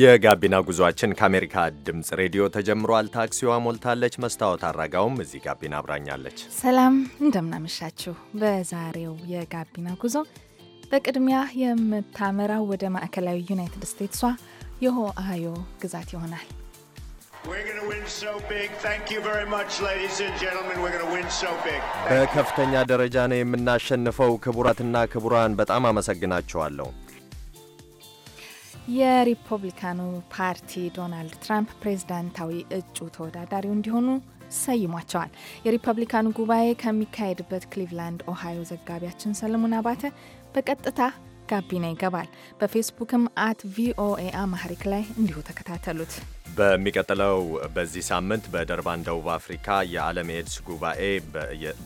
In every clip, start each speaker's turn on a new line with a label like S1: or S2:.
S1: የጋቢና ጉዟችን ከአሜሪካ ድምፅ ሬዲዮ ተጀምሯል። ታክሲዋ ሞልታለች። መስታወት አራጋውም እዚህ ጋቢና አብራኛለች። ሰላም
S2: እንደምናመሻችሁ። በዛሬው የጋቢና ጉዞ በቅድሚያ የምታመራው ወደ ማዕከላዊ ዩናይትድ ስቴትሷ አዮ ግዛት ይሆናል።
S1: በከፍተኛ ደረጃ ነው የምናሸንፈው። ክቡራትና ክቡራን በጣም አመሰግናችኋለሁ።
S2: የሪፐብሊካኑ ፓርቲ ዶናልድ ትራምፕ ፕሬዝዳንታዊ እጩ ተወዳዳሪው እንዲሆኑ ሰይሟቸዋል። የሪፐብሊካኑ ጉባኤ ከሚካሄድበት ክሊቭላንድ ኦሃዮ ዘጋቢያችን ሰለሞን አባተ በቀጥታ ጋቢና ይገባል። በፌስቡክም አት ቪኦኤ አማህሪክ ላይ እንዲሁ ተከታተሉት።
S1: በሚቀጥለው በዚህ ሳምንት በደርባን ደቡብ አፍሪካ የዓለም ኤድስ ጉባኤ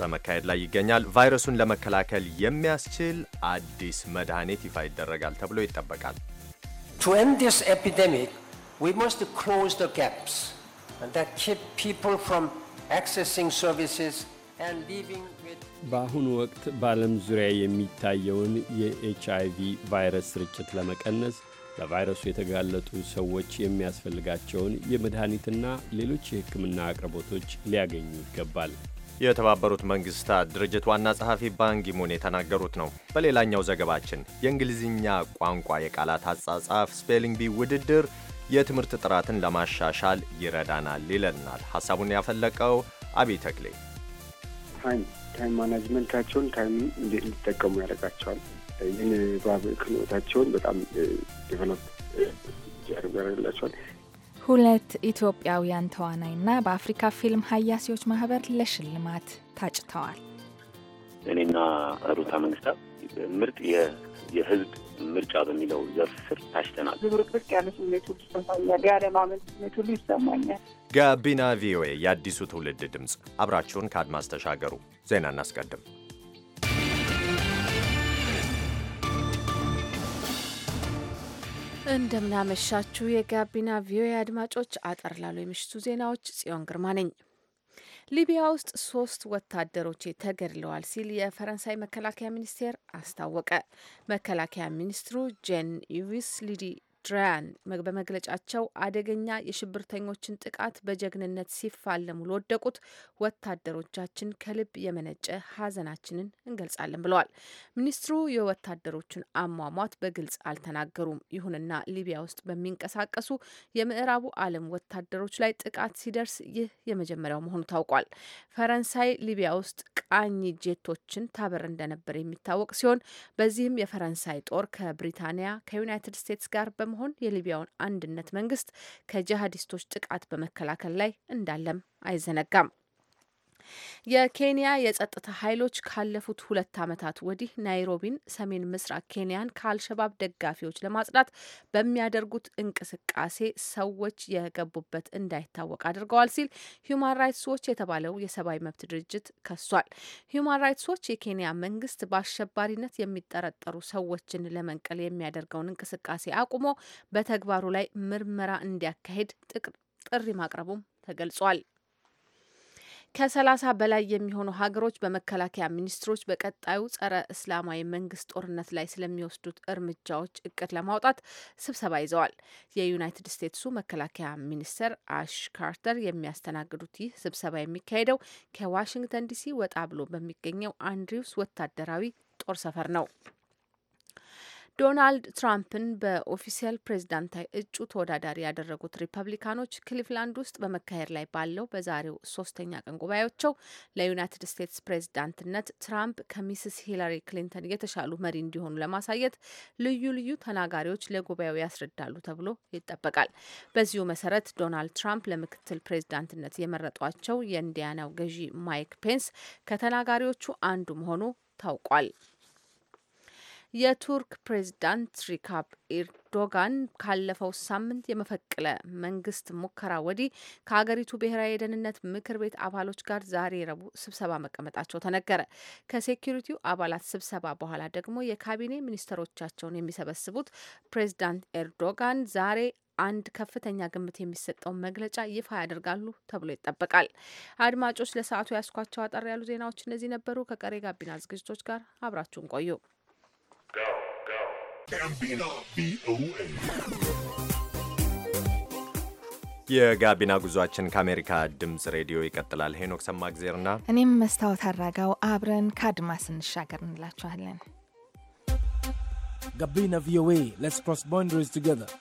S1: በመካሄድ ላይ ይገኛል። ቫይረሱን ለመከላከል የሚያስችል አዲስ መድኃኒት ይፋ ይደረጋል ተብሎ ይጠበቃል።
S3: To end this epidemic, we must close the gaps that keep people from accessing services and living
S4: with
S5: በአሁኑ ወቅት በዓለም ዙሪያ የሚታየውን የኤች አይቪ ቫይረስ ስርጭት ለመቀነስ ለቫይረሱ የተጋለጡ ሰዎች የሚያስፈልጋቸውን የመድኃኒትና ሌሎች የሕክምና አቅርቦቶች ሊያገኙ ይገባል። የተባበሩት መንግስታት
S1: ድርጅት ዋና ጸሐፊ ባንኪሙን የተናገሩት ነው። በሌላኛው ዘገባችን የእንግሊዝኛ ቋንቋ የቃላት አጻጻፍ ስፔሊንግ ቢ ውድድር የትምህርት ጥራትን ለማሻሻል ይረዳናል ይለናል። ሐሳቡን ያፈለቀው አብይ ተክሌ።
S3: ታይም ታይም ማናጅመንታቸውን ታይም እንዴት እንዲጠቀሙ ያደርጋቸዋል። ይህን ባብ ክህሎታቸውን በጣም ዴቨሎፕ ያደርጋቸዋል።
S2: ሁለት ኢትዮጵያውያን ተዋናይና በአፍሪካ ፊልም ሀያሲዎች ማህበር ለሽልማት ታጭተዋል።
S6: እኔና ሩታ መንግስታ ምርጥ የህዝብ ምርጫ በሚለው ዘርፍ ስር ታጭተናል።
S3: ዝብርቅርቅ ያለ ስሜት ሁሉ ይሰማኛል። ያለማመን ስሜት ሁሉ
S1: ይሰማኛል። ጋቢና ቪኦኤ የአዲሱ ትውልድ ድምፅ፣ አብራችሁን ከአድማስ ተሻገሩ። ዜና እናስቀድም።
S7: እንደምናመሻችሁ የጋቢና ቪኦኤ አድማጮች፣ አጠር ላሉ የምሽቱ ዜናዎች ጽዮን ግርማ ነኝ። ሊቢያ ውስጥ ሶስት ወታደሮች ተገድለዋል ሲል የፈረንሳይ መከላከያ ሚኒስቴር አስታወቀ። መከላከያ ሚኒስትሩ ጄን ኢቪስ ሊዲ ድራያን በመግለጫቸው አደገኛ የሽብርተኞችን ጥቃት በጀግንነት ሲፋለሙ ለወደቁት ወታደሮቻችን ከልብ የመነጨ ሀዘናችንን እንገልጻለን ብለዋል። ሚኒስትሩ የወታደሮቹን አሟሟት በግልጽ አልተናገሩም። ይሁንና ሊቢያ ውስጥ በሚንቀሳቀሱ የምዕራቡ ዓለም ወታደሮች ላይ ጥቃት ሲደርስ ይህ የመጀመሪያው መሆኑ ታውቋል። ፈረንሳይ ሊቢያ ውስጥ ቃኝ ጄቶችን ታበር እንደነበር የሚታወቅ ሲሆን በዚህም የፈረንሳይ ጦር ከብሪታንያ ከዩናይትድ ስቴትስ ጋር በመሆ በመሆን የሊቢያውን አንድነት መንግስት ከጂሃዲስቶች ጥቃት በመከላከል ላይ እንዳለም አይዘነጋም። የኬንያ የጸጥታ ኃይሎች ካለፉት ሁለት ዓመታት ወዲህ ናይሮቢን ሰሜን ምስራቅ ኬንያን ከአልሸባብ ደጋፊዎች ለማጽዳት በሚያደርጉት እንቅስቃሴ ሰዎች የገቡበት እንዳይታወቅ አድርገዋል ሲል ሁማን ራይትስ ዎች የተባለው የሰብአዊ መብት ድርጅት ከሷል። ሁማን ራይትስ ዎች የኬንያ መንግስት በአሸባሪነት የሚጠረጠሩ ሰዎችን ለመንቀል የሚያደርገውን እንቅስቃሴ አቁሞ በተግባሩ ላይ ምርመራ እንዲያካሄድ ጥሪ ማቅረቡም ተገልጿል። ከሰላሳ በላይ የሚሆኑ ሀገሮች በመከላከያ ሚኒስትሮች በቀጣዩ ጸረ እስላማዊ መንግስት ጦርነት ላይ ስለሚወስዱት እርምጃዎች እቅድ ለማውጣት ስብሰባ ይዘዋል። የዩናይትድ ስቴትሱ መከላከያ ሚኒስትር አሽ ካርተር የሚያስተናግዱት ይህ ስብሰባ የሚካሄደው ከዋሽንግተን ዲሲ ወጣ ብሎ በሚገኘው አንድሪውስ ወታደራዊ ጦር ሰፈር ነው። ዶናልድ ትራምፕን በኦፊሴል ፕሬዝዳንታዊ እጩ ተወዳዳሪ ያደረጉት ሪፐብሊካኖች ክሊቭላንድ ውስጥ በመካሄድ ላይ ባለው በዛሬው ሶስተኛ ቀን ጉባኤያቸው ለዩናይትድ ስቴትስ ፕሬዝዳንትነት ትራምፕ ከሚስስ ሂላሪ ክሊንተን የተሻሉ መሪ እንዲሆኑ ለማሳየት ልዩ ልዩ ተናጋሪዎች ለጉባኤው ያስረዳሉ ተብሎ ይጠበቃል። በዚሁ መሰረት ዶናልድ ትራምፕ ለምክትል ፕሬዝዳንትነት የመረጧቸው የኢንዲያናው ገዢ ማይክ ፔንስ ከተናጋሪዎቹ አንዱ መሆኑ ታውቋል። የቱርክ ፕሬዚዳንት ሪካፕ ኤርዶጋን ካለፈው ሳምንት የመፈቅለ መንግስት ሙከራ ወዲህ ከሀገሪቱ ብሔራዊ የደህንነት ምክር ቤት አባሎች ጋር ዛሬ ረቡዕ ስብሰባ መቀመጣቸው ተነገረ። ከሴኪሪቲው አባላት ስብሰባ በኋላ ደግሞ የካቢኔ ሚኒስትሮቻቸውን የሚሰበስቡት ፕሬዚዳንት ኤርዶጋን ዛሬ አንድ ከፍተኛ ግምት የሚሰጠው መግለጫ ይፋ ያደርጋሉ ተብሎ ይጠበቃል። አድማጮች፣ ለሰዓቱ ያስኳቸው አጠር ያሉ ዜናዎች እነዚህ ነበሩ። ከቀሬ ጋቢና ዝግጅቶች ጋር አብራችሁን ቆዩ።
S1: የጋቢና ጉዟችን ከአሜሪካ ድምፅ ሬዲዮ ይቀጥላል። ሄኖክ ሰማግዜርና
S2: እኔም መስታወት አድራጋው አብረን ከአድማስ እንሻገር እንላችኋለን። ጋቢና ቪኦኤ ሌትስ ክሮስ ባውንደሪስ ቱጌዘር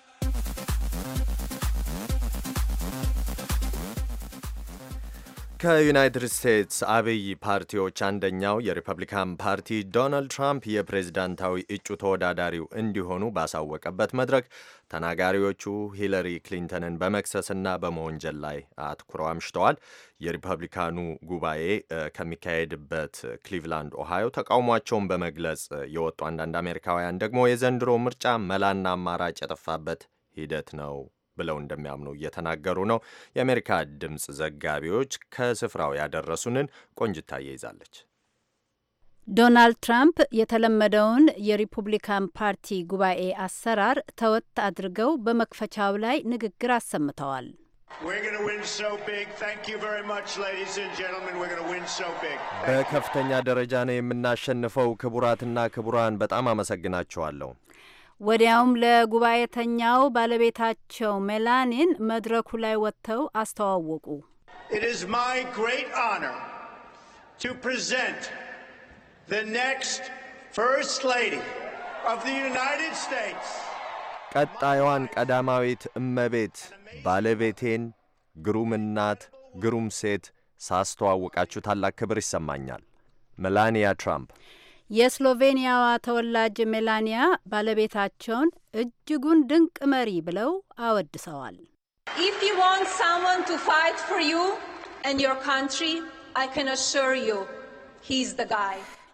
S1: ከዩናይትድ ስቴትስ አብይ ፓርቲዎች አንደኛው የሪፐብሊካን ፓርቲ ዶናልድ ትራምፕ የፕሬዝዳንታዊ እጩ ተወዳዳሪው እንዲሆኑ ባሳወቀበት መድረክ ተናጋሪዎቹ ሂለሪ ክሊንተንን በመክሰስና በመወንጀል ላይ አትኩረው አምሽተዋል። የሪፐብሊካኑ ጉባኤ ከሚካሄድበት ክሊቭላንድ ኦሃዮ ተቃውሟቸውን በመግለጽ የወጡ አንዳንድ አሜሪካውያን ደግሞ የዘንድሮ ምርጫ መላና አማራጭ የጠፋበት ሂደት ነው ብለው እንደሚያምኑ እየተናገሩ ነው። የአሜሪካ ድምፅ ዘጋቢዎች ከስፍራው ያደረሱንን ቆንጅታ ይዛለች።
S4: ዶናልድ ትራምፕ የተለመደውን የሪፑብሊካን ፓርቲ ጉባኤ አሰራር ተወት አድርገው በመክፈቻው ላይ ንግግር አሰምተዋል።
S1: በከፍተኛ ደረጃ ነው የምናሸንፈው። ክቡራትና ክቡራን በጣም አመሰግናችኋለሁ።
S4: ወዲያውም ለጉባኤተኛው ባለቤታቸው ሜላኒን መድረኩ ላይ ወጥተው አስተዋወቁ።
S1: ቀጣዩዋን ቀዳማዊት እመቤት ባለቤቴን ግሩም እናት፣ ግሩም ሴት ሳስተዋወቃችሁ ታላቅ ክብር ይሰማኛል። ሜላኒያ ትራምፕ
S4: የስሎቬኒያዋ ተወላጅ ሜላኒያ ባለቤታቸውን እጅጉን ድንቅ መሪ ብለው አወድሰዋል።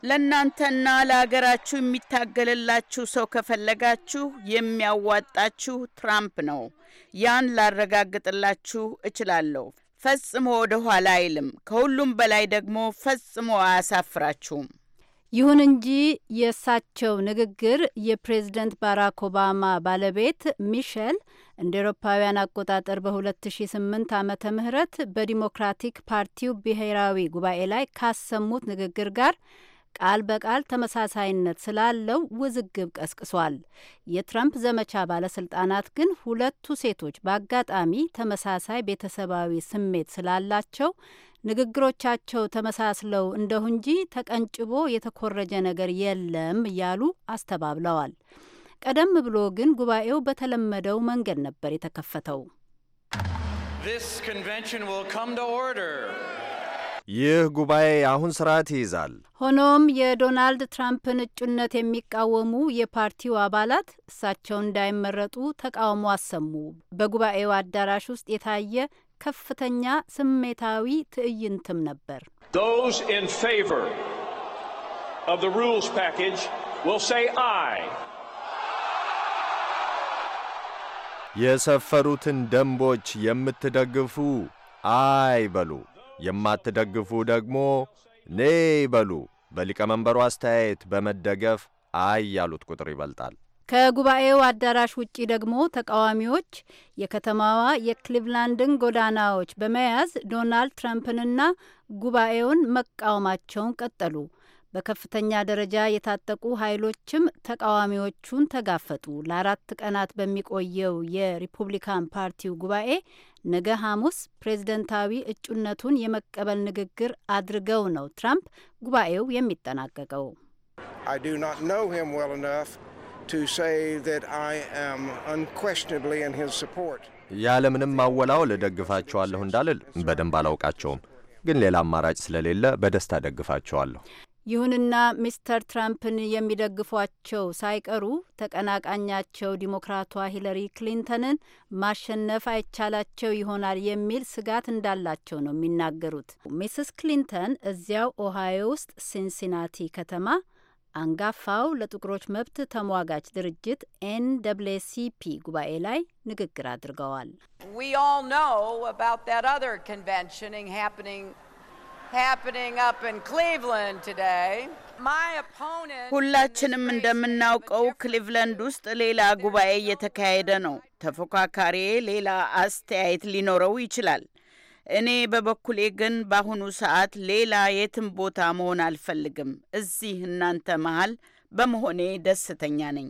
S7: ለእናንተና ለአገራችሁ የሚታገልላችሁ ሰው ከፈለጋችሁ የሚያዋጣችሁ ትራምፕ ነው። ያን ላረጋግጥላችሁ እችላለሁ። ፈጽሞ ወደ ኋላ አይልም። ከሁሉም በላይ ደግሞ ፈጽሞ አያሳፍራችሁም።
S4: ይሁን እንጂ የእሳቸው ንግግር የፕሬዝደንት ባራክ ኦባማ ባለቤት ሚሸል እንደ ኤሮፓውያን አቆጣጠር በ2008 ዓመተ ምህረት በዲሞክራቲክ ፓርቲው ብሔራዊ ጉባኤ ላይ ካሰሙት ንግግር ጋር ቃል በቃል ተመሳሳይነት ስላለው ውዝግብ ቀስቅሷል። የትራምፕ ዘመቻ ባለስልጣናት ግን ሁለቱ ሴቶች በአጋጣሚ ተመሳሳይ ቤተሰባዊ ስሜት ስላላቸው ንግግሮቻቸው ተመሳስለው እንደሁ እንጂ ተቀንጭቦ የተኮረጀ ነገር የለም እያሉ አስተባብለዋል። ቀደም ብሎ ግን ጉባኤው በተለመደው መንገድ ነበር የተከፈተው።
S1: ይህ ጉባኤ አሁን ስርዓት ይይዛል።
S4: ሆኖም የዶናልድ ትራምፕን እጩነት የሚቃወሙ የፓርቲው አባላት እሳቸው እንዳይመረጡ ተቃውሞ አሰሙ። በጉባኤው አዳራሽ ውስጥ የታየ ከፍተኛ ስሜታዊ ትዕይንትም ነበር።
S1: የሰፈሩትን ደንቦች የምትደግፉ አይ በሉ፣ የማትደግፉ ደግሞ ኔ በሉ። በሊቀመንበሩ አስተያየት በመደገፍ አይ ያሉት ቁጥር ይበልጣል።
S4: ከጉባኤው አዳራሽ ውጪ ደግሞ ተቃዋሚዎች የከተማዋ የክሊቭላንድን ጎዳናዎች በመያዝ ዶናልድ ትራምፕንና ጉባኤውን መቃወማቸውን ቀጠሉ። በከፍተኛ ደረጃ የታጠቁ ኃይሎችም ተቃዋሚዎቹን ተጋፈጡ። ለአራት ቀናት በሚቆየው የሪፑብሊካን ፓርቲው ጉባኤ ነገ ሐሙስ ፕሬዝደንታዊ እጩነቱን የመቀበል ንግግር አድርገው ነው ትራምፕ ጉባኤው የሚጠናቀቀው።
S8: to say that I am unquestionably in his support.
S1: ያለምንም ማወላወል ደግፋቸዋለሁ እንዳልል በደንብ አላውቃቸውም፣ ግን ሌላ አማራጭ ስለሌለ በደስታ ደግፋቸዋለሁ።
S4: ይሁንና ሚስተር ትራምፕን የሚደግፏቸው ሳይቀሩ ተቀናቃኛቸው ዲሞክራቷ ሂለሪ ክሊንተንን ማሸነፍ አይቻላቸው ይሆናል የሚል ስጋት እንዳላቸው ነው የሚናገሩት። ሚስስ ክሊንተን እዚያው ኦሃዮ ውስጥ ሲንሲናቲ ከተማ አንጋፋው ለጥቁሮች መብት ተሟጋች ድርጅት ኤንደብሌሲፒ ጉባኤ ላይ ንግግር አድርገዋል።
S7: ሁላችንም እንደምናውቀው ክሊቭለንድ ውስጥ ሌላ ጉባኤ እየተካሄደ ነው። ተፎካካሪ ሌላ አስተያየት ሊኖረው ይችላል። እኔ በበኩሌ ግን በአሁኑ ሰዓት ሌላ የትም ቦታ መሆን አልፈልግም። እዚህ እናንተ መሃል በመሆኔ ደስተኛ ነኝ።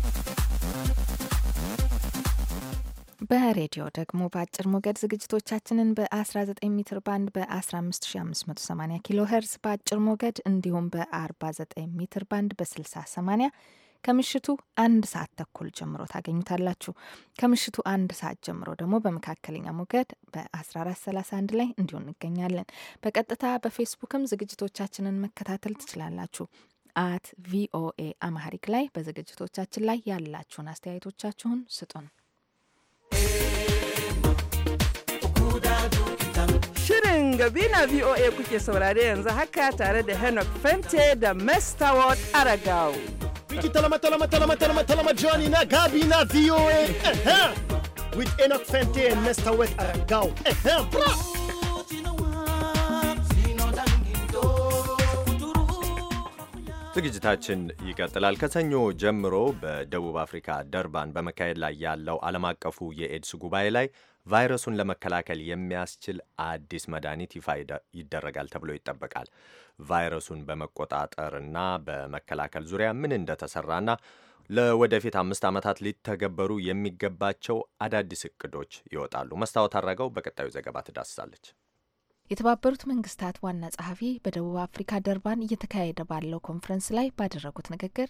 S2: በሬዲዮ ደግሞ በአጭር ሞገድ ዝግጅቶቻችንን በ19 ሜትር ባንድ በ15580 ኪሎ ሄርዝ በአጭር ሞገድ እንዲሁም በ49 ሜትር ባንድ በ6080 ከምሽቱ አንድ ሰዓት ተኩል ጀምሮ ታገኙታላችሁ። ከምሽቱ አንድ ሰዓት ጀምሮ ደግሞ በመካከለኛ ሞገድ በ1431 ላይ እንዲሁ እንገኛለን። በቀጥታ በፌስቡክም ዝግጅቶቻችንን መከታተል ትችላላችሁ። አት ቪኦኤ አማሪክ ላይ በዝግጅቶቻችን ላይ ያላችሁን አስተያየቶቻችሁን ስጡን።
S7: Shirin Gabina VOA kuke saurare yanzu haka tare da Henok Fente da Mr. Ward Aragaw. Wiki talama talama talama talama talama Johnny na Gabina
S1: VOA. With Enoch Fente and Mr. Ward Aragaw. ዝግጅታችን ይቀጥላል። ከሰኞ ጀምሮ በደቡብ አፍሪካ ደርባን በመካሄድ ላይ ያለው ዓለም አቀፉ የኤድስ ጉባኤ ላይ ቫይረሱን ለመከላከል የሚያስችል አዲስ መድኃኒት ይፋ ይደረጋል ተብሎ ይጠበቃል። ቫይረሱን በመቆጣጠርና በመከላከል ዙሪያ ምን እንደተሰራና ለወደፊት አምስት ዓመታት ሊተገበሩ የሚገባቸው አዳዲስ እቅዶች ይወጣሉ። መስታወት አድረገው በቀጣዩ ዘገባ ትዳስሳለች።
S2: የተባበሩት መንግስታት ዋና ጸሐፊ በደቡብ አፍሪካ ደርባን እየተካሄደ ባለው ኮንፈረንስ ላይ ባደረጉት ንግግር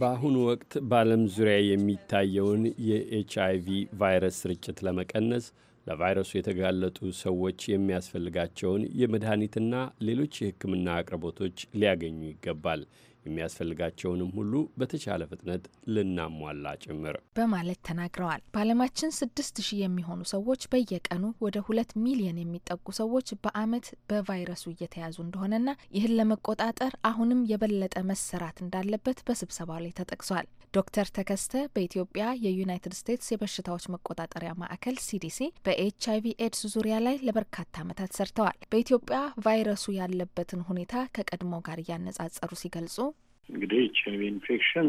S5: በአሁኑ ወቅት በዓለም ዙሪያ የሚታየውን የኤች አይቪ ቫይረስ ስርጭት ለመቀነስ ለቫይረሱ የተጋለጡ ሰዎች የሚያስፈልጋቸውን የመድኃኒትና ሌሎች የሕክምና አቅርቦቶች ሊያገኙ ይገባል። የሚያስፈልጋቸውንም ሁሉ በተቻለ ፍጥነት ልናሟላ ጭምር
S2: በማለት ተናግረዋል። በዓለማችን ስድስት ሺህ የሚሆኑ ሰዎች በየቀኑ ወደ ሁለት ሚሊዮን የሚጠጉ ሰዎች በዓመት በቫይረሱ እየተያዙ እንደሆነና ይህን ለመቆጣጠር አሁንም የበለጠ መሰራት እንዳለበት በስብሰባው ላይ ተጠቅሷል። ዶክተር ተከስተ በኢትዮጵያ የዩናይትድ ስቴትስ የበሽታዎች መቆጣጠሪያ ማዕከል ሲዲሲ በኤች አይቪ ኤድስ ዙሪያ ላይ ለበርካታ ዓመታት ሰርተዋል። በኢትዮጵያ ቫይረሱ ያለበትን ሁኔታ ከቀድሞ ጋር እያነጻጸሩ ሲገልጹ
S6: እንግዲህ ኤች አይቪ ኢንፌክሽን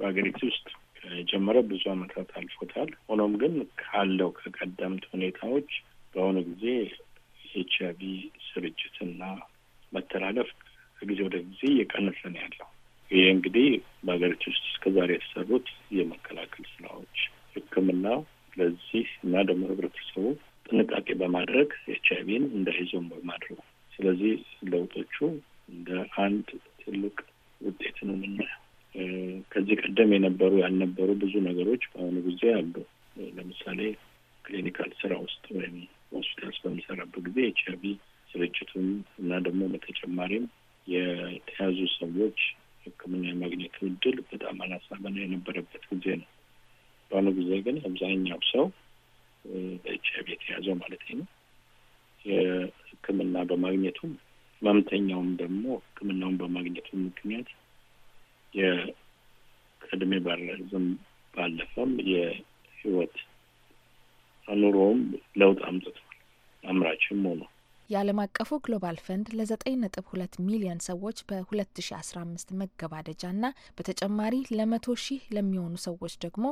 S6: በሀገሪቱ ውስጥ ከጀመረ ብዙ ዓመታት አልፎታል። ሆኖም ግን ካለው ከቀደምት ሁኔታዎች በአሁኑ ጊዜ ኤች አይቪ ስርጭትና መተላለፍ ከጊዜ ወደ ጊዜ እየቀነሰ ነው ያለው። ይህ እንግዲህ በሀገሪቱ ውስጥ እስከዛሬ የተሰሩት የመከላከል ስራዎች ህክምና ለዚህ እና ደግሞ ህብረተሰቡ ጥንቃቄ በማድረግ ኤች አይቪን እንዳይዞም በማድረጉ ስለዚህ ለውጦቹ እንደ አንድ ትልቅ ውጤት ነው የምናየው። ከዚህ ቀደም የነበሩ ያልነበሩ ብዙ ነገሮች በአሁኑ ጊዜ አሉ። ለምሳሌ ክሊኒካል ስራ ውስጥ ወይም ሆስፒታልስ በሚሰራበት ጊዜ ኤች አይቪ ስርጭቱን እና ደግሞ በተጨማሪም የተያዙ ሰዎች ሕክምና የማግኘት እድል በጣም አላሳበን የነበረበት ጊዜ ነው። በአሁኑ ጊዜ ግን አብዛኛው ሰው በኤች አይቪ የተያዘው ማለት ነው የሕክምና በማግኘቱም ህመምተኛውም ደግሞ ሕክምናውን በማግኘቱ ምክንያት የቅድሜ ባረዝም ባለፈም የህይወት አኑሮውም ለውጥ አምጥቷል። አምራችም ሆኗል።
S2: የዓለም አቀፉ ግሎባል ፈንድ ለ9.2 ሚሊዮን ሰዎች በ2015 መገባደጃና በተጨማሪ ለመቶ ሺህ ለሚሆኑ ሰዎች ደግሞ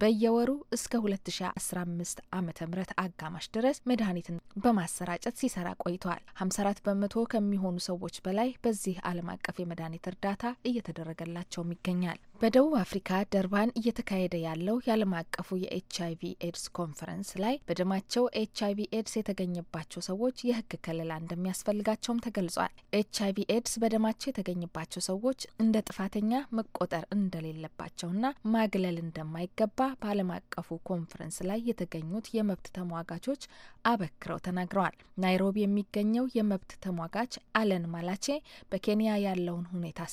S2: በየወሩ እስከ 2015 ዓ ም አጋማሽ ድረስ መድኃኒትን በማሰራጨት ሲሰራ ቆይተዋል። 54 በመቶ ከሚሆኑ ሰዎች በላይ በዚህ ዓለም አቀፍ የመድኃኒት እርዳታ እየተደረገላቸውም ይገኛል። በደቡብ አፍሪካ ደርባን እየተካሄደ ያለው የዓለም አቀፉ የኤች አይቪ ኤድስ ኮንፈረንስ ላይ በደማቸው ኤች አይቪ ኤድስ የተገኘባቸው ሰዎች የህግ ከለላ እንደሚያስፈልጋቸውም ተገልጿል። ኤች አይቪ ኤድስ በደማቸው የተገኘባቸው ሰዎች እንደ ጥፋተኛ መቆጠር እንደሌለባቸውና ማግለል እንደማይገባ በዓለም አቀፉ ኮንፈረንስ ላይ የተገኙት የመብት ተሟጋቾች አበክረው ተናግረዋል። ናይሮቢ የሚገኘው የመብት ተሟጋች አለን ማላቼ በኬንያ ያለውን ሁኔታ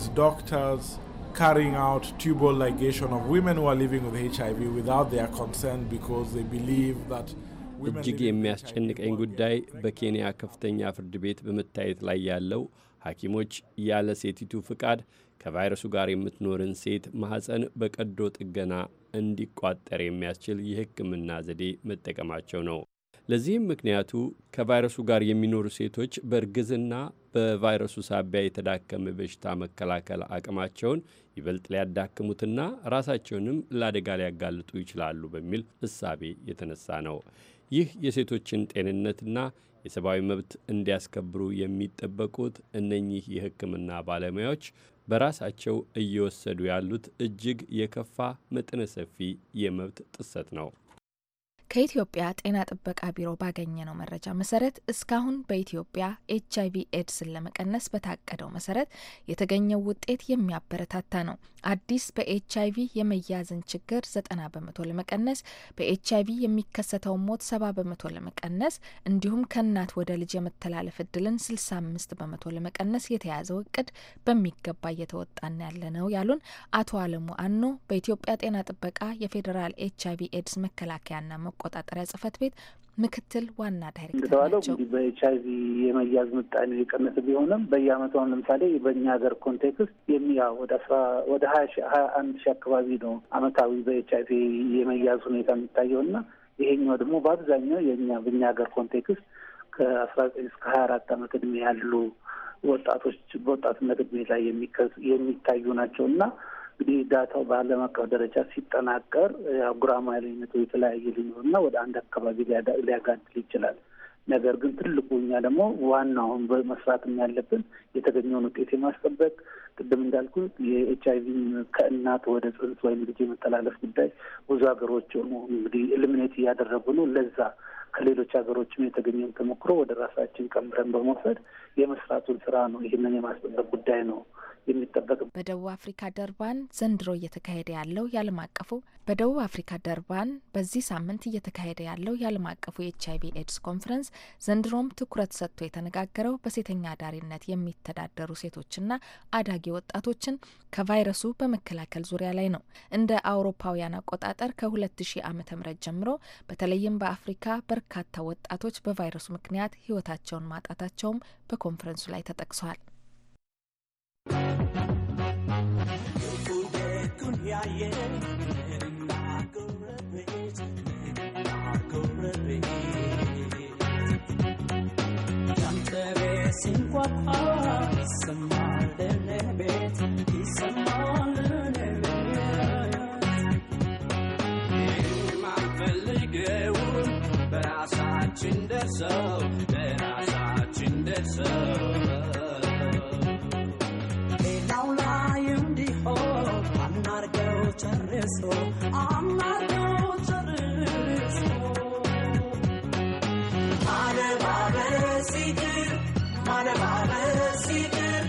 S3: ሲናገር carrying out tubal ligation of women who are living with HIV without their consent because
S5: they believe that እጅግ የሚያስጨንቀኝ ጉዳይ በኬንያ ከፍተኛ ፍርድ ቤት በመታየት ላይ ያለው ሐኪሞች ያለ ሴቲቱ ፍቃድ ከቫይረሱ ጋር የምትኖርን ሴት ማኅፀን በቀዶ ጥገና እንዲቋጠር የሚያስችል የሕክምና ዘዴ መጠቀማቸው ነው። ለዚህም ምክንያቱ ከቫይረሱ ጋር የሚኖሩ ሴቶች በእርግዝና በቫይረሱ ሳቢያ የተዳከመ በሽታ መከላከል አቅማቸውን ይበልጥ ሊያዳክሙትና ራሳቸውንም ለአደጋ ሊያጋልጡ ይችላሉ በሚል እሳቤ የተነሳ ነው። ይህ የሴቶችን ጤንነትና የሰብአዊ መብት እንዲያስከብሩ የሚጠበቁት እነኚህ የሕክምና ባለሙያዎች በራሳቸው እየወሰዱ ያሉት እጅግ የከፋ መጠነ ሰፊ የመብት ጥሰት ነው።
S2: ከኢትዮጵያ ጤና ጥበቃ ቢሮ ባገኘነው መረጃ መሰረት እስካሁን በኢትዮጵያ ኤች አይቪ ኤድስን ለመቀነስ በታቀደው መሰረት የተገኘው ውጤት የሚያበረታታ ነው። አዲስ በኤች አይቪ የመያዝን ችግር ዘጠና በመቶ ለመቀነስ በኤች አይቪ የሚከሰተውን ሞት ሰባ በመቶ ለመቀነስ እንዲሁም ከእናት ወደ ልጅ የመተላለፍ እድልን ስልሳ አምስት በመቶ ለመቀነስ የተያዘው እቅድ በሚገባ እየተወጣን ያለ ነው ያሉን አቶ አለሙ አኖ በኢትዮጵያ ጤና ጥበቃ የፌዴራል ኤች አይቪ ኤድስ መከላከያና መቆጣጠሪያ ጽህፈት ቤት ምክትል ዋና ዳይሬክተር
S3: ናቸው። በኤች አይ ቪ የመያዝ ምጣኔ የቀነሰ ቢሆንም በየአመቱ አሁን ለምሳሌ በእኛ ሀገር ኮንቴክስት የሚያ ወደ አስራ ወደ ሀያ አንድ ሺ አካባቢ ነው አመታዊ በኤች አይ ቪ የመያዝ ሁኔታ የሚታየው እና ይሄኛው ደግሞ በአብዛኛው የእኛ በእኛ ሀገር ኮንቴክስት ከአስራ ዘጠኝ እስከ ሀያ አራት አመት እድሜ ያሉ ወጣቶች በወጣትነት እድሜ ላይ የሚታዩ ናቸው እና እንግዲህ ዳታው በዓለም አቀፍ ደረጃ ሲጠናቀር አጉራማይነቱ የተለያየ ሊኖርና ወደ አንድ አካባቢ ሊያጋድል ይችላል። ነገር ግን ትልቁ እኛ ደግሞ ዋና አሁን መስራትም ያለብን የተገኘውን ውጤት የማስጠበቅ ቅድም እንዳልኩ የኤች አይቪ ከእናት ወደ ጽንስ ወይም ልጅ የመተላለፍ ጉዳይ ብዙ ሀገሮች እንግዲህ ኤልሚኔት እያደረጉ ነው። ለዛ ከሌሎች ሀገሮችም የተገኘውን ተሞክሮ ወደ ራሳችን ቀምረን በመውሰድ የመስራቱን ስራ ነው። ይህንን የማስጠበቅ ጉዳይ ነው የሚጠበቅ።
S2: በደቡብ አፍሪካ ደርባን ዘንድሮ እየተካሄደ ያለው የዓለም አቀፉ በደቡብ አፍሪካ ደርባን በዚህ ሳምንት እየተካሄደ ያለው የዓለም አቀፉ የኤች አይቪ ኤድስ ኮንፈረንስ ዘንድሮም ትኩረት ሰጥቶ የተነጋገረው በሴተኛ አዳሪነት የሚተዳደሩ ሴቶችና አዳጊ ወጣቶችን ከቫይረሱ በመከላከል ዙሪያ ላይ ነው። እንደ አውሮፓውያን አቆጣጠር ከ2000 ዓ.ም ጀምሮ በተለይም በአፍሪካ በርካታ ወጣቶች በቫይረሱ ምክንያት ህይወታቸውን ማጣታቸውም በ በኮንፈረንሱ ላይ ተጠቅሷል።
S1: So
S3: ሌላው ላይ እንዲሆን አናርገው ጨርሶ አናርገው ጨርሶ
S5: ማነባበር ሲቅር
S4: ማነባበር ሲቅር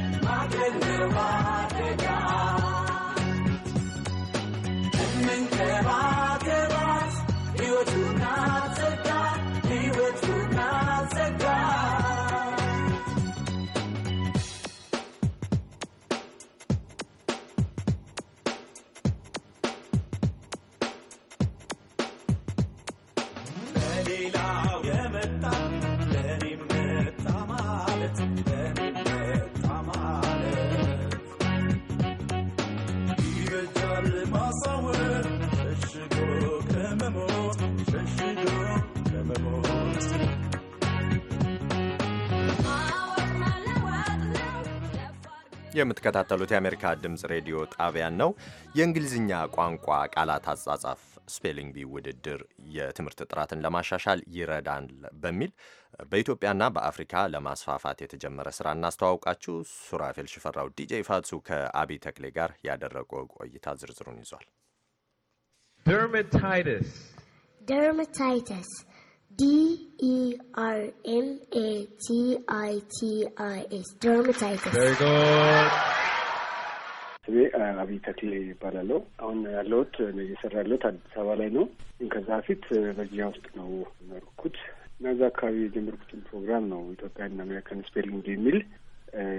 S1: የምትከታተሉት የአሜሪካ ድምፅ ሬዲዮ ጣቢያን ነው። የእንግሊዝኛ ቋንቋ ቃላት አጻጻፍ ስፔሊንግ ቢ ውድድር የትምህርት ጥራትን ለማሻሻል ይረዳል በሚል በኢትዮጵያና በአፍሪካ ለማስፋፋት የተጀመረ ስራ እናስተዋውቃችሁ። ሱራፌል ሽፈራው ዲጄ ፋሱ ከአቢ ተክሌ ጋር ያደረገው ቆይታ ዝርዝሩን ይዟል።
S5: ደርማታይተስ
S1: ደርማታይተስ D E R M A T I
S2: T I S Dermatitis.
S3: Very good. ስሜ አብይ ተክሌ ይባላለሁ። አሁን ያለሁት እየሰራ ያለሁት አዲስ አበባ ላይ ነው። ከዛ ፊት በዚያ ውስጥ ነው የኖርኩት እና እዛ አካባቢ የጀመርኩትን ፕሮግራም ነው ኢትዮጵያን አሜሪካን ስፔሊንግ የሚል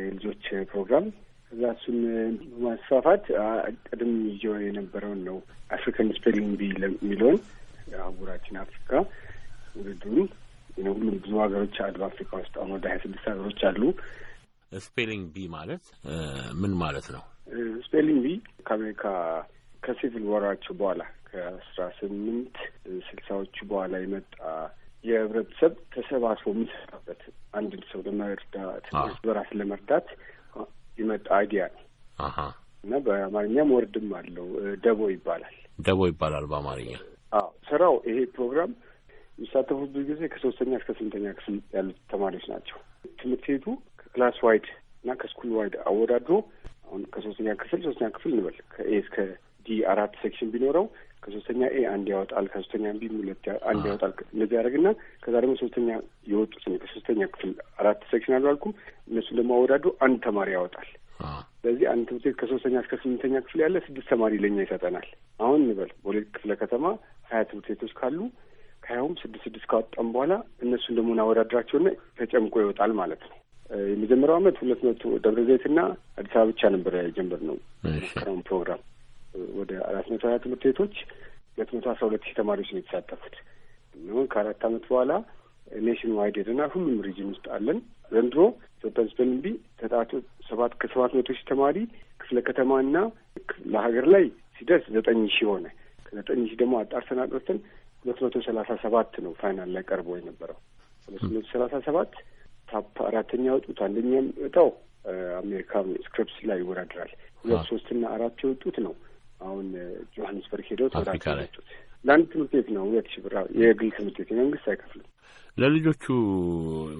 S3: የልጆች ፕሮግራም ከዛ እሱን በማስፋፋት ቀደም ይዤው የነበረውን ነው አፍሪካን ስፔሊንግ የሚለውን አህጉራችን አፍሪካ ውድድሩ ሁሉም ብዙ ሀገሮች አሉ። አፍሪካ ውስጥ አሁን ወደ ሀያ ስድስት ሀገሮች
S1: አሉ።
S6: ስፔሊንግ ቢ ማለት ምን ማለት ነው?
S3: ስፔሊንግ ቢ ከአሜሪካ ከሲቪል ወራቸው በኋላ ከአስራ ስምንት ስልሳዎቹ በኋላ የመጣ የህብረተሰብ ተሰባስቦ የሚሰራበት አንድን ሰው ለመርዳት በራስ ለመርዳት የመጣ አይዲያ ነው እና በአማርኛም ወርድም አለው። ደቦ ይባላል።
S5: ደቦ ይባላል በአማርኛ።
S3: አዎ ስራው ይሄ ፕሮግራም የሚሳተፉት ብዙ ጊዜ ከሶስተኛ እስከ ስምንተኛ ክፍል ያሉት ተማሪዎች ናቸው። ትምህርት ቤቱ ከክላስ ዋይድ እና ከስኩል ዋይድ አወዳድሮ አሁን ከሶስተኛ ክፍል ሶስተኛ ክፍል እንበል ከኤ እስከ ዲ አራት ሴክሽን ቢኖረው ከሶስተኛ ኤ አንድ ያወጣል፣ ከሶስተኛ ቢ ሁለት አንድ ያወጣል። እንደዚህ ያደርግና ከዛ ደግሞ ሶስተኛ የወጡት ከሶስተኛ ክፍል አራት ሴክሽን አሉ አልኩም። እነሱን ደግሞ አወዳድሮ አንድ ተማሪ ያወጣል። ስለዚህ አንድ ትምህርት ቤት ከሶስተኛ እስከ ስምንተኛ ክፍል ያለ ስድስት ተማሪ ለኛ ይሰጠናል። አሁን እንበል በሁለት ክፍለ ከተማ ሀያ ትምህርት ቤቶች ካሉ ከሀያውም ስድስት ስድስት ካወጣም በኋላ እነሱን ደግሞ እናወዳድራቸውና ተጨምቆ ይወጣል ማለት ነው። የመጀመሪያው አመት ሁለት መቶ ደብረ ዘይትና አዲስ አበባ ብቻ ነበር የጀመርነው ሙከራውን ፕሮግራም ወደ አራት መቶ ሀያ ትምህርት ቤቶች ሁለት መቶ አስራ ሁለት ሺህ ተማሪዎች ነው የተሳተፉት። አሁን ከአራት አመት በኋላ ኔሽን ዋይድ ሄደና ሁሉም ሪጅን ውስጥ አለን። ዘንድሮ ኢትዮጵያ ህዝብ ኤልቢ ተጣጡ ሰባት ከሰባት መቶ ሺህ ተማሪ ክፍለ ከተማና ለሀገር ላይ ሲደርስ ዘጠኝ ሺህ ሆነ። ከዘጠኝ ሺህ ደግሞ አጣርተን አጥርተን ሁለት መቶ ሰላሳ ሰባት ነው ፋይናል ላይ ቀርቦ የነበረው። ሁለት መቶ ሰላሳ ሰባት ታፕ አራተኛ ወጡት። አንደኛም እጣው አሜሪካ ስክሪፕስ ላይ ይወዳደራል። ሁለት ሶስትና አራት የወጡት ነው አሁን ጆሀንስበርግ ሄደው ተወዳድረው የወጡት ለአንድ ትምህርት ቤት ነው ሁለት ሺህ ብር የግል ትምህርት ቤት የመንግስት አይከፍልም።
S6: ለልጆቹ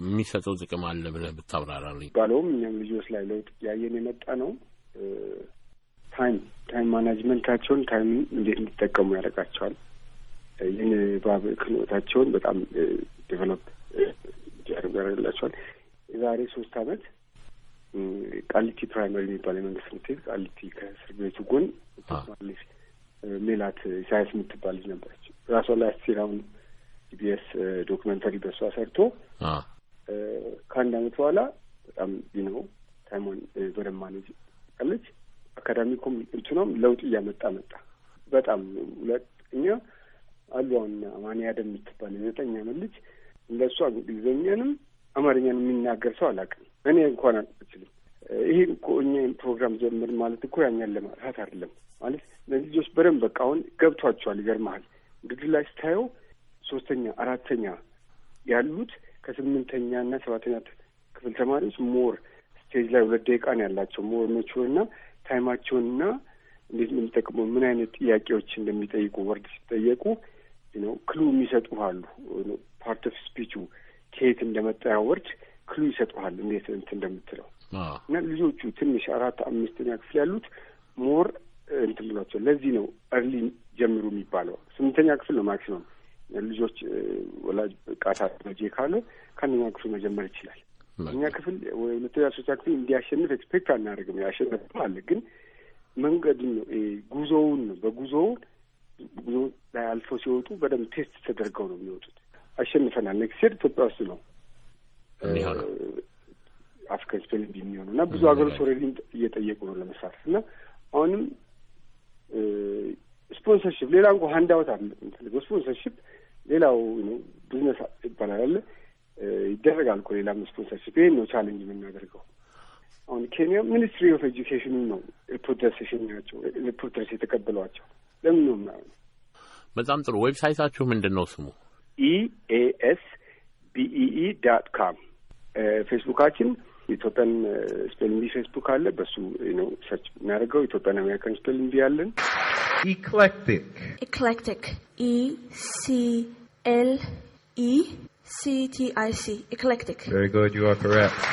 S6: የሚሰጠው ጥቅም አለ ብለህ ብታብራራልኝ።
S3: ባለውም እኛም ልጆች ላይ ለውጥ እያየን የመጣ ነው። ታይም ታይም ማናጅመንታቸውን ታይም እንዴት እንዲጠቀሙ ያደርጋቸዋል። የንባብ ክህሎታቸውን በጣም ዴቨሎፕ ያደርጋላቸዋል። የዛሬ ሶስት አመት ቃሊቲ ፕራይመሪ የሚባል የመንግስት ትምህርት ቤት ቃሊቲ ከእስር ቤቱ ጎን ትማለች ሜላት ኢሳያስ የምትባል ልጅ ነበረች። ራሷ ላይ አስቴራውን ኢቢኤስ ዶክመንተሪ በእሷ ሰርቶ ከአንድ አመት በኋላ በጣም ቢነው ታይሞን በደንብ ማኔጅ አካዳሚ ኮም እንትኖም ለውጥ እያመጣ መጣ። በጣም ሁለተኛ አሉ። አሁን አማንያ አደም የምትባል የዘጠኝ አመት ልጅ ለእሷ እንግሊዝኛንም አማርኛን የሚናገር ሰው አላውቅም። እኔ እንኳን አልችልም። ይሄ እኮ እኛ ፕሮግራም ጀምር ማለት እኮ ያኛን ለማጥፋት አይደለም ማለት እነዚህ ልጆች በደንብ በቃ አሁን ገብቷቸዋል። ይገርመሃል እንግዲህ ላይ ስታየው ሶስተኛ አራተኛ ያሉት ከስምንተኛ እና ሰባተኛ ክፍል ተማሪዎች ሞር ስቴጅ ላይ ሁለት ደቂቃ ነው ያላቸው ሞር ሜቹር እና ታይማቸውንና እንዴት ነው ምን አይነት ጥያቄዎች እንደሚጠይቁ ወርድ ሲጠየቁ ነው ክሉ የሚሰጡሃሉ። ፓርት ኦፍ ስፒቹ ከየት እንደመጣ ያወርድ ክሉ ይሰጡሃል፣ እንዴት እንትን እንደምትለው እና ልጆቹ ትንሽ አራት አምስተኛ ክፍል ያሉት ሞር እንትን ብሏቸው። ለዚህ ነው እርሊ ጀምሩ የሚባለው። ስምንተኛ ክፍል ነው ማክሲመም ልጆች ወላጅ ቃታ ጄ ካለ ከአንደኛ ክፍል መጀመር ይችላል። እኛ ክፍል ወይ ሁለተኛ ሶስተኛ ክፍል እንዲያሸንፍ ኤክስፔክት አናደርግም። ያሸነፍ አለ ግን መንገዱን ነው ጉዞውን ነው በጉዞውን ብዙ ላይ አልፈው ሲወጡ በደንብ ቴስት ተደርገው ነው የሚወጡት። አሸንፈናል። ኔክስት ሴር ኢትዮጵያ ውስጥ ነው አፍሪካ ኤክስፔሪንግ የሚሆኑ እና ብዙ ሀገሮች ኦልሬዲ እየጠየቁ ነው ለመሳተፍ እና አሁንም ስፖንሰርሽፕ ሌላ እንኳ ሀንዳውት የምትፈልገው ስፖንሰርሽፕ ሌላው ቢዝነስ ይባላል አለ ይደረጋል እኮ ሌላም ስፖንሰርሽፕ። ይሄን ነው ቻሌንጅ የምናደርገው። አሁን ኬንያ ሚኒስትሪ ኦፍ ኤጁኬሽን ነው ሪፖርተርስ የሸኛቸው ሪፖርተርስ የተቀበሏቸው ለምን ነው ምናምን።
S5: በጣም ጥሩ። ዌብሳይታችሁ ምንድን ነው ስሙ?
S3: ኢኤኤስ ቢኢኢ ዳት ካም። ፌስቡካችን ኢትዮጵያን ስፔል እንቢ ፌስቡክ አለ። በሱ ነው ሰርች የሚያደርገው ኢትዮጵያን አሜሪካን ስፔል እንቢ አለን። ኢክሌክቲክ
S2: ኢክሌክቲክ ኢ ሲ ኤል ኢ ሲ ቲ አይ ሲ ኢክሌክቲክ
S5: ቬሪ ጉድ ዩ አር ኮሬክት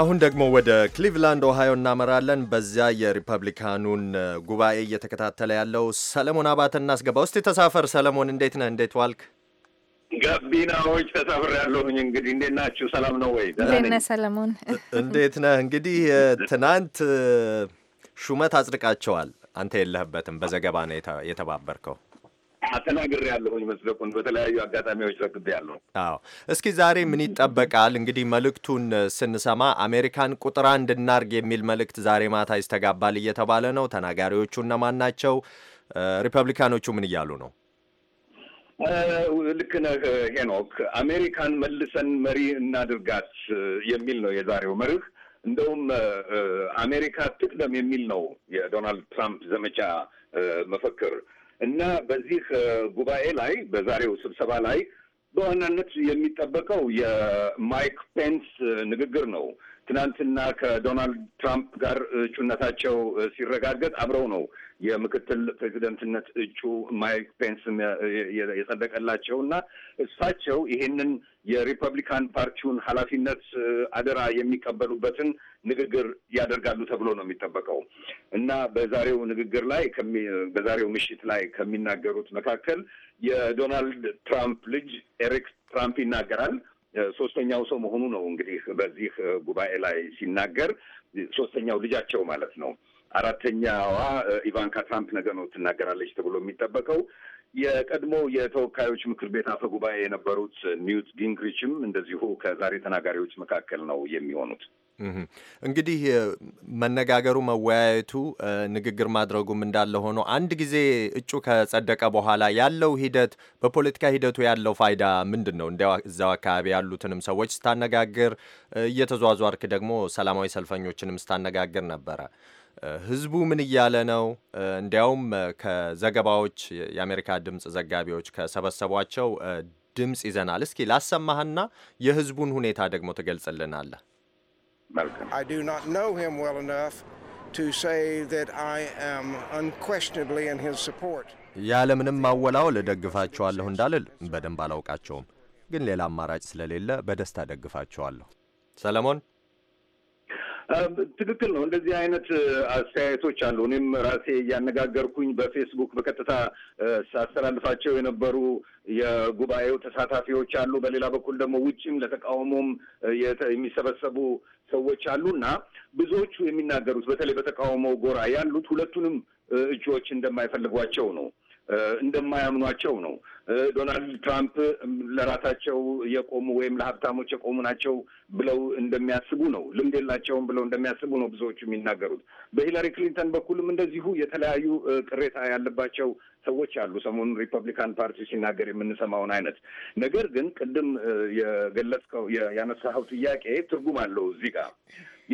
S1: አሁን ደግሞ ወደ ክሊቭላንድ ኦሃዮ እናመራለን። በዚያ የሪፐብሊካኑን ጉባኤ እየተከታተለ ያለው ሰለሞን አባተ እናስገባ። ውስጥ ተሳፈር ሰለሞን፣ እንዴት ነህ? እንዴት ዋልክ?
S2: ጋቢናዎች ተሳፍር
S8: ያለሁኝ። እንግዲህ እንዴት ናችሁ? ሰላም ነው ወይ? እንዴት ነህ
S2: ሰለሞን?
S1: እንዴት ነህ? እንግዲህ ትናንት ሹመት አጽድቃቸዋል። አንተ የለህበትም። በዘገባ ነው የተባበርከው
S8: ተናግሬ ያለሁኝ መስለቁን በተለያዩ አጋጣሚዎች ረክብ ያለሁ።
S1: አዎ እስኪ ዛሬ ምን ይጠበቃል? እንግዲህ መልእክቱን ስንሰማ አሜሪካን ቁጥር አንድ እናርግ የሚል መልእክት ዛሬ ማታ ይስተጋባል እየተባለ ነው። ተናጋሪዎቹ እነማን ናቸው? ሪፐብሊካኖቹ ምን እያሉ ነው?
S8: ልክ ነህ ሄኖክ። አሜሪካን መልሰን መሪ እናድርጋት የሚል ነው የዛሬው መርህ። እንደውም አሜሪካ ትቅደም የሚል ነው የዶናልድ ትራምፕ ዘመቻ መፈክር። እና በዚህ ጉባኤ ላይ በዛሬው ስብሰባ ላይ በዋናነት የሚጠበቀው የማይክ ፔንስ ንግግር ነው። ትናንትና ከዶናልድ ትራምፕ ጋር እጩነታቸው ሲረጋገጥ አብረው ነው የምክትል ፕሬዚደንትነት እጩ ማይክ ፔንስ የጸደቀላቸው እና እሳቸው ይሄንን የሪፐብሊካን ፓርቲውን ኃላፊነት አደራ የሚቀበሉበትን ንግግር ያደርጋሉ ተብሎ ነው የሚጠበቀው እና በዛሬው ንግግር ላይ በዛሬው ምሽት ላይ ከሚናገሩት መካከል የዶናልድ ትራምፕ ልጅ ኤሪክ ትራምፕ ይናገራል። ሶስተኛው ሰው መሆኑ ነው እንግዲህ በዚህ ጉባኤ ላይ ሲናገር ሶስተኛው ልጃቸው ማለት ነው። አራተኛዋ ኢቫንካ ትራምፕ ነገ ነው ትናገራለች ተብሎ የሚጠበቀው። የቀድሞ የተወካዮች ምክር ቤት አፈ ጉባኤ የነበሩት ኒውት ጊንግሪችም እንደዚሁ ከዛሬ ተናጋሪዎች መካከል ነው የሚሆኑት።
S1: እንግዲህ መነጋገሩ፣ መወያየቱ፣ ንግግር ማድረጉም እንዳለ ሆኖ አንድ ጊዜ እጩ ከጸደቀ በኋላ ያለው ሂደት በፖለቲካ ሂደቱ ያለው ፋይዳ ምንድን ነው? እንዲያው እዚያው አካባቢ ያሉትንም ሰዎች ስታነጋግር እየተዟዟርክ ደግሞ ሰላማዊ ሰልፈኞችንም ስታነጋግር ነበረ። ህዝቡ ምን እያለ ነው? እንዲያውም ከዘገባዎች የአሜሪካ ድምፅ ዘጋቢዎች ከሰበሰቧቸው ድምፅ ይዘናል። እስኪ ላሰማህና የህዝቡን ሁኔታ ደግሞ ትገልጽልናለህ። ያለምንም ማወላወል ደግፋቸዋለሁ እንዳልል በደንብ አላውቃቸውም፣ ግን ሌላ አማራጭ ስለሌለ በደስታ ደግፋቸዋለሁ። ሰለሞን
S8: ትክክል ነው። እንደዚህ አይነት አስተያየቶች አሉ። እኔም ራሴ እያነጋገርኩኝ በፌስቡክ በቀጥታ ሳስተላልፋቸው የነበሩ የጉባኤው ተሳታፊዎች አሉ። በሌላ በኩል ደግሞ ውጭም ለተቃውሞም የሚሰበሰቡ ሰዎች አሉ እና ብዙዎቹ የሚናገሩት በተለይ በተቃውሞ ጎራ ያሉት ሁለቱንም እጩዎች እንደማይፈልጓቸው ነው እንደማያምኗቸው ነው። ዶናልድ ትራምፕ ለራሳቸው የቆሙ ወይም ለሀብታሞች የቆሙ ናቸው ብለው እንደሚያስቡ ነው። ልምድ የላቸውም ብለው እንደሚያስቡ ነው ብዙዎቹ የሚናገሩት። በሂላሪ ክሊንተን በኩልም እንደዚሁ የተለያዩ ቅሬታ ያለባቸው ሰዎች አሉ። ሰሞኑን ሪፐብሊካን ፓርቲ ሲናገር የምንሰማውን አይነት ነገር ግን ቅድም የገለጽከው ያነሳኸው ጥያቄ ትርጉም አለው እዚህ ጋር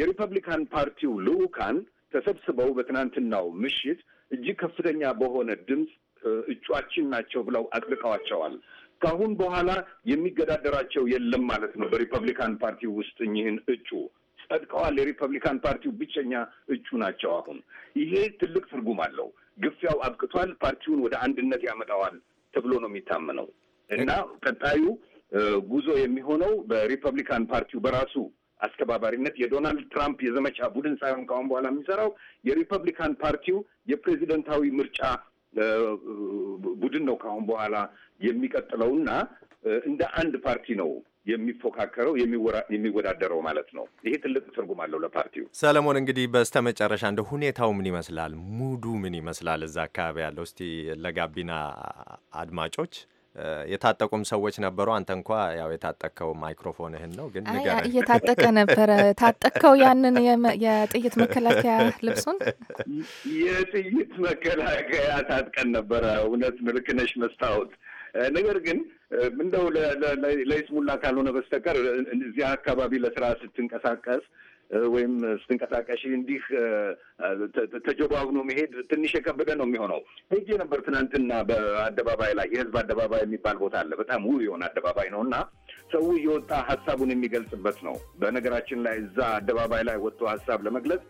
S8: የሪፐብሊካን ፓርቲው ልዑካን ተሰብስበው በትናንትናው ምሽት እጅግ ከፍተኛ በሆነ ድምፅ እጩአችን ናቸው ብለው አጥልቀዋቸዋል። ከአሁን በኋላ የሚገዳደራቸው የለም ማለት ነው። በሪፐብሊካን ፓርቲ ውስጥ እኚህን እጩ ጸድቀዋል። የሪፐብሊካን ፓርቲው ብቸኛ እጩ ናቸው። አሁን ይሄ ትልቅ ትርጉም አለው። ግፊያው አብቅቷል፣ ፓርቲውን ወደ አንድነት ያመጣዋል ተብሎ ነው የሚታመነው እና ቀጣዩ ጉዞ የሚሆነው በሪፐብሊካን ፓርቲው በራሱ አስተባባሪነት የዶናልድ ትራምፕ የዘመቻ ቡድን ሳይሆን ከአሁን በኋላ የሚሰራው የሪፐብሊካን ፓርቲው የፕሬዚደንታዊ ምርጫ ቡድን ነው ከአሁን በኋላ የሚቀጥለው እና እንደ አንድ ፓርቲ ነው የሚፎካከረው የሚወዳደረው ማለት ነው። ይሄ ትልቅ ትርጉም አለው
S1: ለፓርቲው። ሰለሞን እንግዲህ በስተመጨረሻ እንደ ሁኔታው ምን ይመስላል፣ ሙዱ ምን ይመስላል እዛ አካባቢ ያለው እስቲ ለጋቢና አድማጮች የታጠቁም ሰዎች ነበሩ። አንተ እንኳ ያው የታጠቀው ማይክሮፎንህን ነው፣ ግን እየታጠቀ ነበረ። ታጠቀው
S2: ያንን የጥይት መከላከያ ልብሱን
S8: የጥይት መከላከያ ታጥቀን ነበረ። እውነት ልክ ነሽ መስታወት። ነገር ግን እንደው ለይስሙላ ካልሆነ በስተቀር እዚያ አካባቢ ለስራ ስትንቀሳቀስ ወይም ስትንቀሳቀሽ እንዲህ ተጀባግኖ መሄድ ትንሽ የከበደ ነው የሚሆነው። ሄጄ ነበር ትናንትና በአደባባይ ላይ የህዝብ አደባባይ የሚባል ቦታ አለ። በጣም ውብ የሆነ አደባባይ ነው እና ሰው እየወጣ ሀሳቡን የሚገልጽበት ነው። በነገራችን ላይ እዛ አደባባይ ላይ ወጥቶ ሀሳብ ለመግለጽ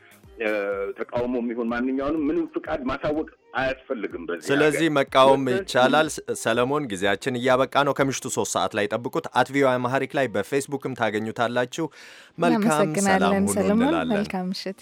S8: ተቃውሞ የሚሆን ማንኛውንም ምንም ፍቃድ ማሳወቅ አያስፈልግም። በዚህ ስለዚህ መቃወም ይቻላል።
S1: ሰለሞን፣ ጊዜያችን እያበቃ ነው። ከምሽቱ ሶስት ሰዓት ላይ ጠብቁት። አት ቪኦኤ አማሪክ ላይ በፌስቡክም ታገኙታላችሁ። መልካም ሰላም ሁሉ እንላለን።
S2: መልካም ምሽት።